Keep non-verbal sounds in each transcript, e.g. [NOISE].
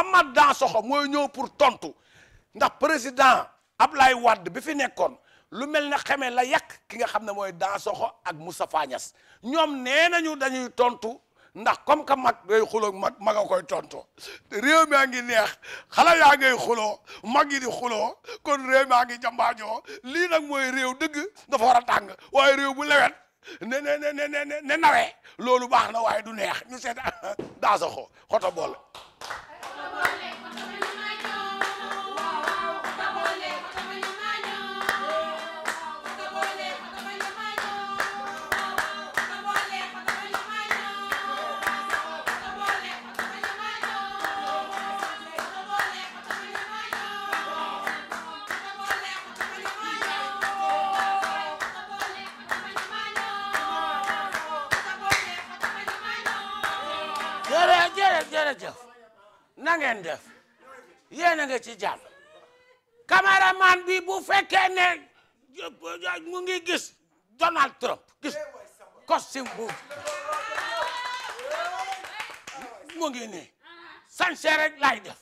Amath Dansokho mooy ñëw pour tontu ndax président Ablaye Wade bi fi nekkoon lu mel ne xamee la yàq ki nga xam ne mooy Dansokho ak Moustapha Niasse ñoom nee na nañu dañuy tontu ndax comme que mag day xuloo mag mag a koy tontoo réew maa ngi neex xale yaa ngay xuloo mag yi di xuloo kon réew maa ngi jambaajoo lii nag mooy réew dëgg dafa war a tàng waaye réew bu lewet ne ne ne ne ne loolu baax na waaye du neex ñu seet [LAUGHS] Dansokho xoto bool jërëjëf na ngeen def yéen a nga ci jàmm caméraman bi bu fekkee ne mu gis Donald Trump gis costume bu mu ne sañse rek lay def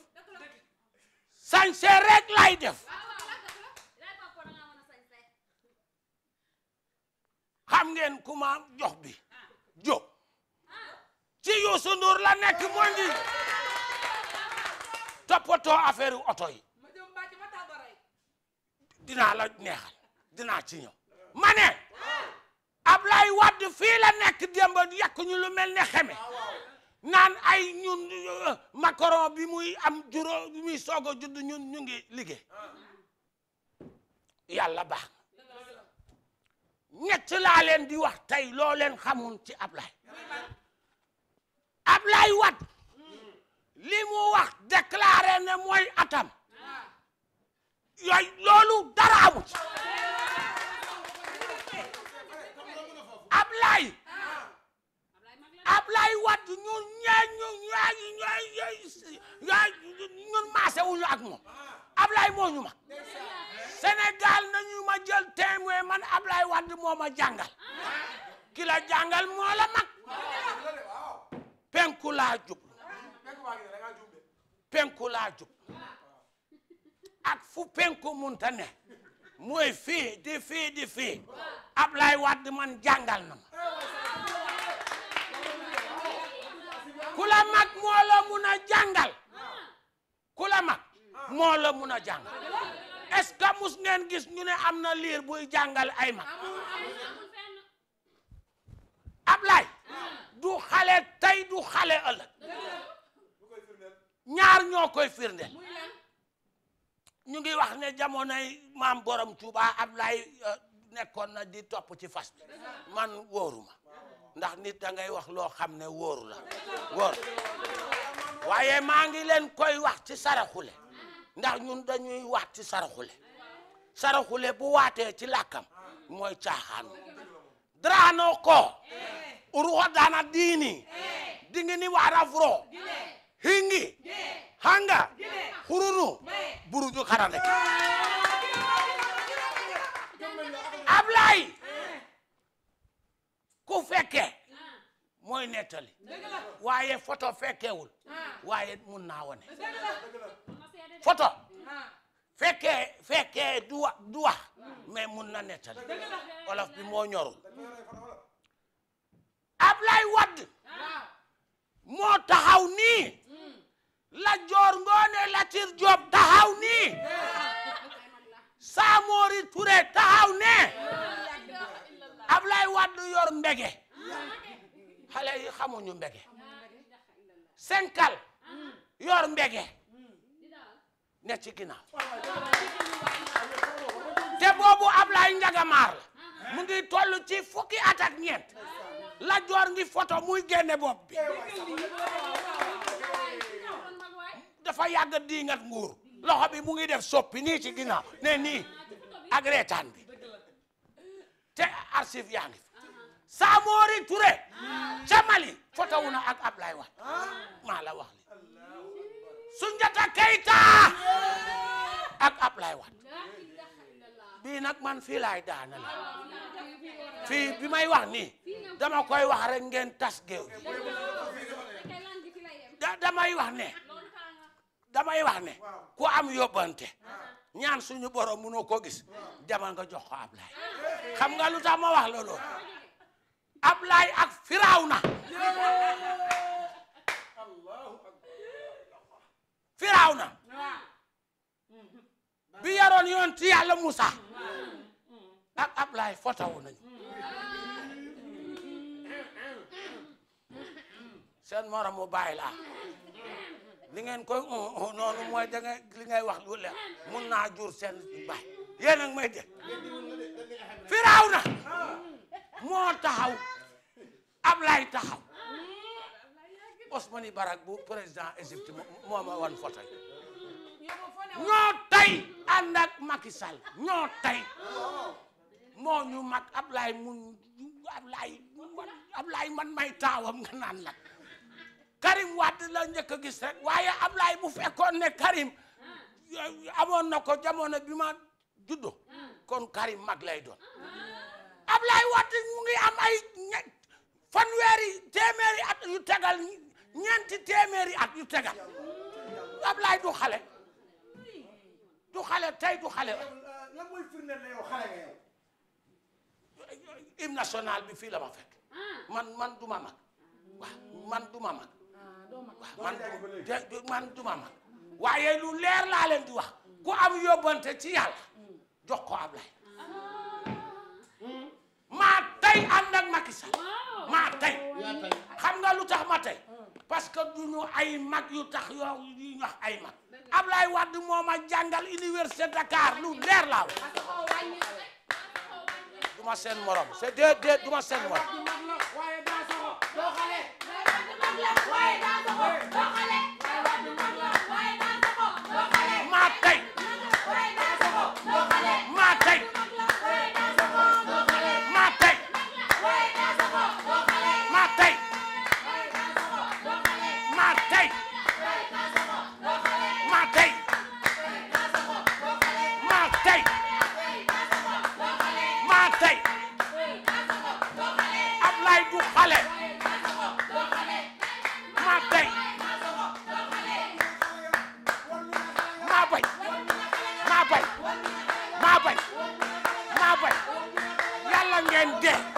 sañse rek lay def xam ngeen ku ma bi jóg Youssou Ndour la nekk mooy ngi toppatoo affaire yu oto yi la neexal dinaa ci ñëw ma ne Ablaye Wade fii la nekk démb yàq ñu lu mel ne xeme naan ay ñun euh, Macron bi muy am juróom bi soog a judd ñun ñu ngi liggéey yàlla baax ñett laa leen di wax tey loo leen xamul ci Ablaye yaay ñun maase wuñu ak moom Ablaye moo ñu ma Sénégal nañu ma jël témoin man Ablaye Wade moo ma jàngal ki la moo la mag penku laa jub penku laa jub ak fu penku munta ne mooy fii di fii di fii Ablaye Wade man jàngal na ma jàngal ku la mag moo la mun a jàngal est-ce que ngeen gis ñu ne am na liir buy jàngal ay mag Ablaay du xale tey du xale ëllëg ñaar ñoo koy firndeel ñu ngi wax ne jamonoy maam borom Touba Ablaay euh, nekkoon na di topp ci fas bi man wóoru ndax nit da ngay wax loo xam ne wóoru la wóor waaye maa ngi leen koy wax ci saraxule ndax ñun dañuy wax ci saraxule saraxule bu waatee ci lakkam mooy caaxaan draano ko uruwa dana diini dingini warafuro hingi hanga hururu buruju karandeke ablay mooy nettali waaye photo fekkewul waaye mun naa wane photo fekkee fekkee du wax mais mun na nettali wolof bi moo ñorul Ablaye Wade moo taxaw nii la joor ngoone Latir Diop taxaw nii Samori Touré taxaw ne Ablaye Wade yor mbege xale yi xamuñu mbege senkal yor mbege ne ci ginnaaw te boobu Ablaye Njagamaar mu ngi toll ci fukki at ñeent la joor ngi photo muy génne bopp bi dafa yàgg diingat nguur loxo bi mu ngi def soppi nii ci ginnaaw ne nii ak bi te archive yaa ngi Samori Touré ca Mali fotowu ak Ablaye Wade maa la wax li Sunjata Keita ak Ablaye Wade bii nag man fii laay daana la fii bi may wax nii dama koy wax ngeen tas géew da damay wax ne damay wax ne ku am yóbbante ñaan suñu borom mënoo ko gis demal nga jox ko Ablaye xam nga lu tax ma wax loolu Ablaay ak Firawna Firawna bi yaroon yoon ci yàlla Moussa ak Ablaay fotawu nañu seen morom mu bàyyi laa li ngeen koy oh, oh, noonu mooy da ngay li ngay wax lu leer mun naa jur seen bàyyi yéen a ngi may Firawna moo taxaw Ablaye taxaw Osmani Barak bu président Égypte moo ma wan foto yi ñoo tey ànd ak Macky moo ñu mag Ablaye mun Ablaye man may taawam nga naan la Karim Wade la njëkk a gis rek waaye Ablaye fekkoon ne Karim amoon na ko jamono bi ma juddo kon Karim mag lay doon Ablaye Wade mu am ay fanweeri téeméeri at yu tegal ñeenti téeméeri at yu tegal Ablaye du xale du xale tey du xale la national bi fii ma fekk man du ma mag man du ma mag man du ma mag waaye lu leer laa leen di wax am yóbbante ci yàlla jox ko Ablaye tey ànd ak Macky Sall maa tey xam nga lu tax ma tey parce que du ñu ay mag yu tax yoo yu ñu wax ay mag Ablaye Wade moo ma jàngal université Dakar lu leer laa wax morom c'est pare yàlla ngeen dee.